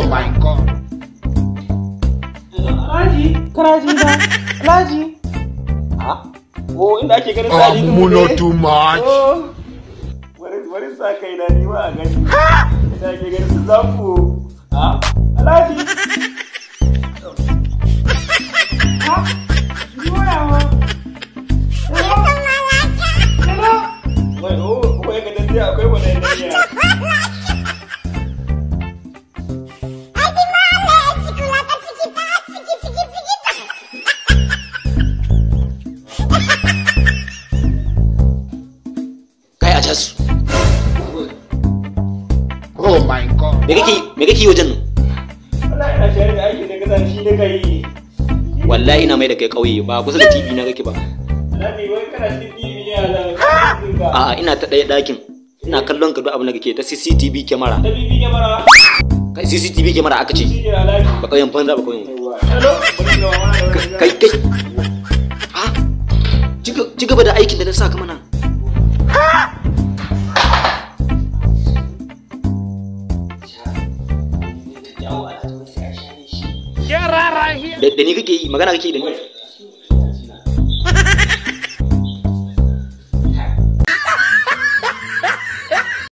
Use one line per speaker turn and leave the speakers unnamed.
Oh my god. Raji, Raji Raji. Oh, inda ake ganin Raji Oh, too much. Oh. Wani wani sa kai na ni ma a gani. Inda ake ganin su zanku. Raji. Ha? Wai, oh, wai oh, ga akwai wani ne ya. ta su oh my god me kake me kake yi wajen wallahi ina mai da kai kauye ba kusa da tv na kake ba a ina ta ɗaya ɗakin ina kallon ka duk abin da kake ta CCTV camera ta BB camera kai CCTV camera aka ce ba kauyen banza ba kauyen kai kai Ha? ci gaba da aikin da na saka mana da ni kake yi magana kake da ni